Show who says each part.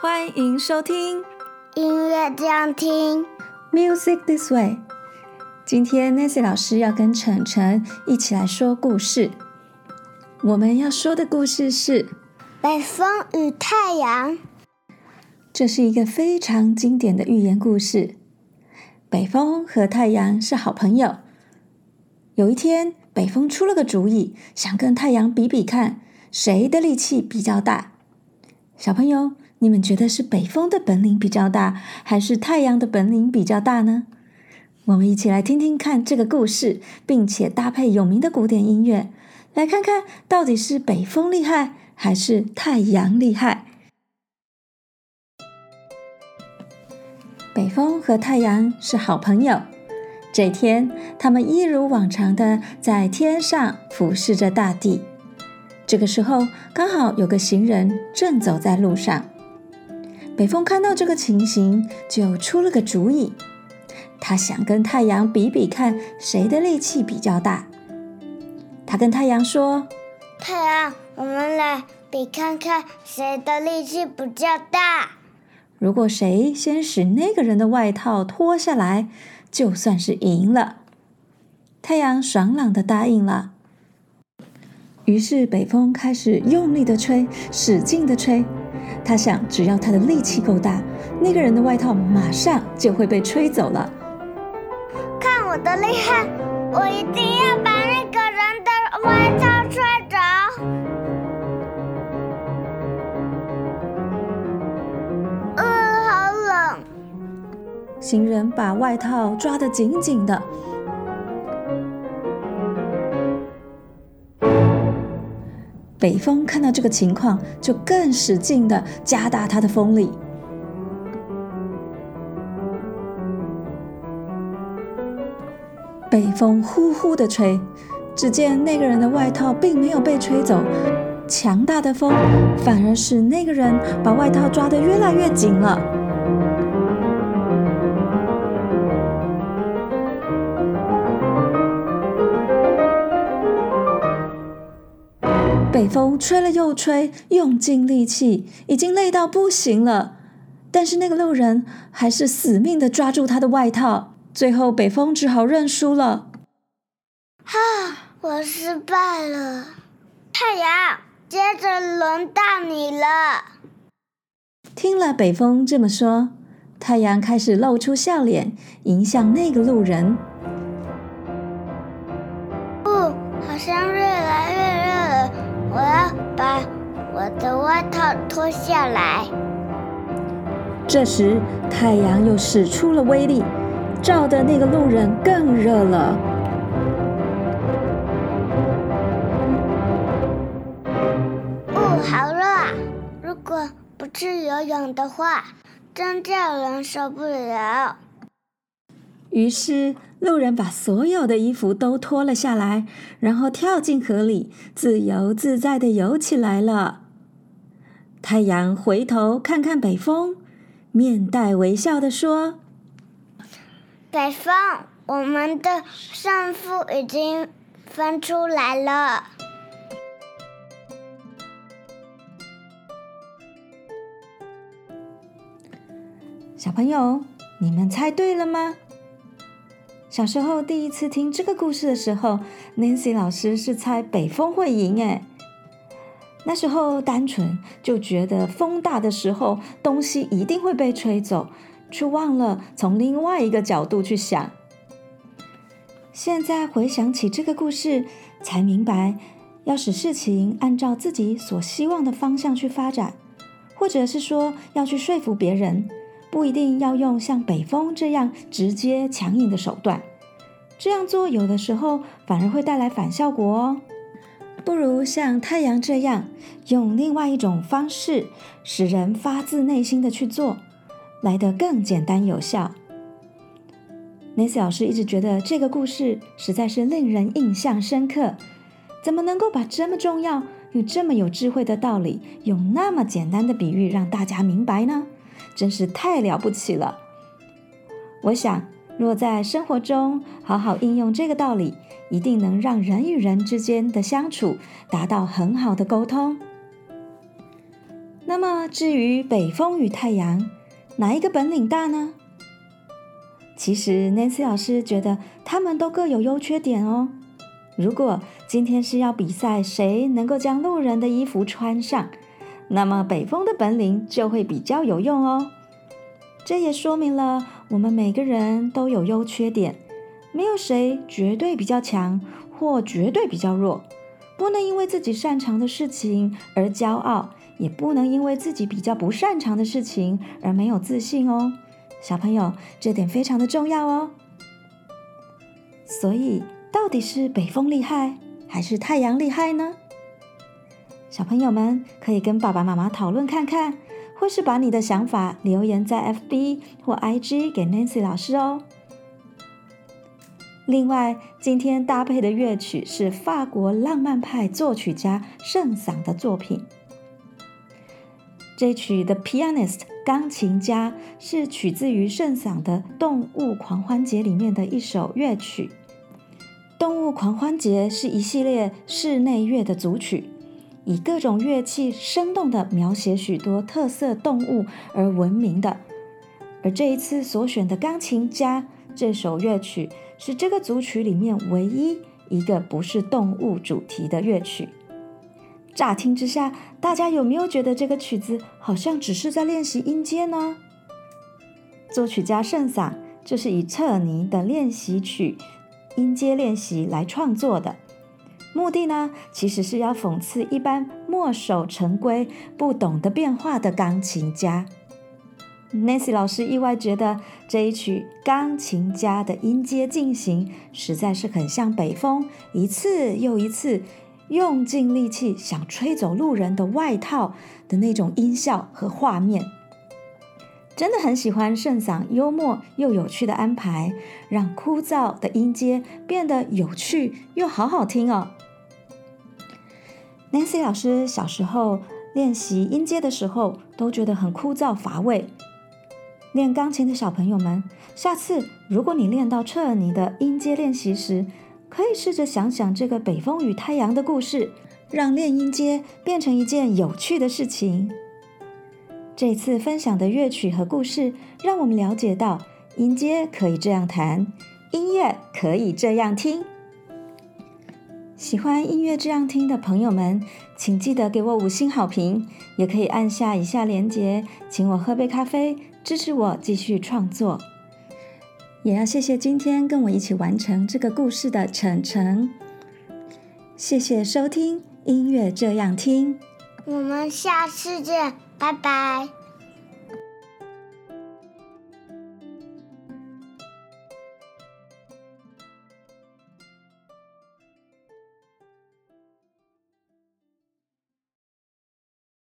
Speaker 1: 歡迎收聽音樂這樣聽，Music This Way。今天 Nancy 老師要跟晨晨一起來說故事。我們要說的故事是《北風與太陽》。這是一個非常經典的寓言故事。北風和太陽是好朋友。有一天，北風出了個主意，想跟太陽比比看誰的力氣比較大。小朋友。你們覺得是北風的本領比較大，還是太陽的本領比較大呢？我們一起來聽聽看這個故事，並且搭配有名的古典音樂，來看看到底是北風厲害還是太陽厲害。北風和太陽是好朋友，這天他們一如往常的在天上俯視着大地。這個時候，剛好有個行人正走在路上。北風看到這個情形，就出了個主意。他想跟太陽比比看，誰的力氣比較大。他跟太陽說：“
Speaker 2: 太陽，我們來比看看，誰的力氣比較大。
Speaker 1: 如果誰先使那個人的外套脫下來，就算是贏了。”太陽爽朗地答應了。於是北風開始用力地吹，使勁地吹。他想，只要他的力氣夠大，那個人的外套馬上就會被吹走了。
Speaker 2: 看我的厲害，我一定要把那個人的外套吹走。嗯，好冷。
Speaker 1: 行人把外套抓得緊緊的。北風看到這個情況，就更使勁的加大它的風力。北風呼呼的吹，只見那個人的外套並沒有被吹走，強大的風反而使那個人把外套抓得越來越緊了。風吹了又吹，用盡力氣，已經累到不行了。但是那個路人還是死命地抓住他的外套，最後北風只好認輸了。
Speaker 2: 哈、啊，我失敗了。太陽，接着輪到你了。
Speaker 1: 聽了北風這麼說，太陽開始露出笑臉，迎向那個路人。
Speaker 2: 的外套脫下來。
Speaker 1: 這時，太陽又使出了威力，照的那個路人更熱了。
Speaker 2: 哦，好熱啊！如果不去游泳的話，真叫人受不了。
Speaker 1: 於是，路人把所有的衣服都脫了下來，然後跳進河裡，自由自在的游起來了。太陽回頭看看北風，面帶微笑的說：“
Speaker 2: 北風，我們的勝負已經分出來了。”
Speaker 1: 小朋友，你們猜對了嗎？小時候第一次聽這個故事的時候，Nancy 老師是猜北風會贏哎。那時候單純就覺得風大的時候東西一定會被吹走，卻忘了從另外一個角度去想。現在回想起這個故事，才明白，要使事情按照自己所希望的方向去發展，或者是說要去說服別人，不一定要用像北風這樣直接強硬的手段。這樣做有的時候反而會帶來反效果哦。不如像太陽這樣，用另外一種方式，使人發自內心的去做，來得更簡單有效。Nancy 老師一直覺得這個故事實在是令人印象深刻，怎麼能夠把這麼重要又這麼有智慧的道理，用那麼簡單的比喻讓大家明白呢？真是太了不起了！我想。若在生活中好好應用這個道理，一定能讓人與人之間的相處達到很好的溝通。那麼，至於北風與太陽，哪一個本領大呢？其實，Nancy 老師覺得他們都各有優缺點哦。如果今天是要比賽誰能夠將路人的衣服穿上，那麼北風的本領就會比較有用哦。這也說明了我們每個人都有優缺點，沒有誰絕對比較強或絕對比較弱，不能因為自己擅長的事情而驕傲，也不能因為自己比較不擅長的事情而沒有自信哦，小朋友，這點非常的重要哦。所以，到底是北風厲害還是太陽厲害呢？小朋友們可以跟爸爸媽媽討論看看。或是把你的想法留言在 FB 或 IG 給 Nancy 老師哦。另外，今天搭配的樂曲是法國浪漫派作曲家聖桑的作品。這曲的《Pianist》鋼琴家是取自於聖桑的《動物狂歡節》裡面的一首樂曲。《動物狂歡節》是一系列室內樂的組曲。以各種樂器生動地描寫許多特色動物而聞名的，而這一次所選的鋼琴家這首樂曲是這個組曲裡面唯一一個不是動物主題的樂曲。乍聽之下，大家有沒有覺得這個曲子好像只是在練習音階呢？作曲家聖桑這是以徹爾尼的練習曲音階練習來創作的。目的呢，其實是要諷刺一般墨守成規、不懂得變化的鋼琴家。Nancy 老師意外覺得這一曲《鋼琴家》的音階進行，實在是很像北風一次又一次用盡力氣想吹走路人的外套的那種音效和畫面。真的很喜歡聖桑幽默又有趣的安排，讓枯燥的音階變得有趣又好好聽哦。Nancy 老師小時候練習音階的時候，都覺得很枯燥乏味。練鋼琴的小朋友們，下次如果你練到徹爾尼的音階練習時，可以試着想想這個北風與太陽的故事，讓練音階變成一件有趣的事情。這次分享的樂曲和故事，讓我們了解到音階可以這樣彈，音樂可以這樣聽。喜歡音樂這樣聽的朋友們，請記得給我五星好評，也可以按下以下鏈接，請我喝杯咖啡，支持我繼續創作。也要謝謝今天跟我一起完成這個故事的晨晨。謝謝收聽《音樂這樣聽》，
Speaker 2: 我們下次見，拜拜。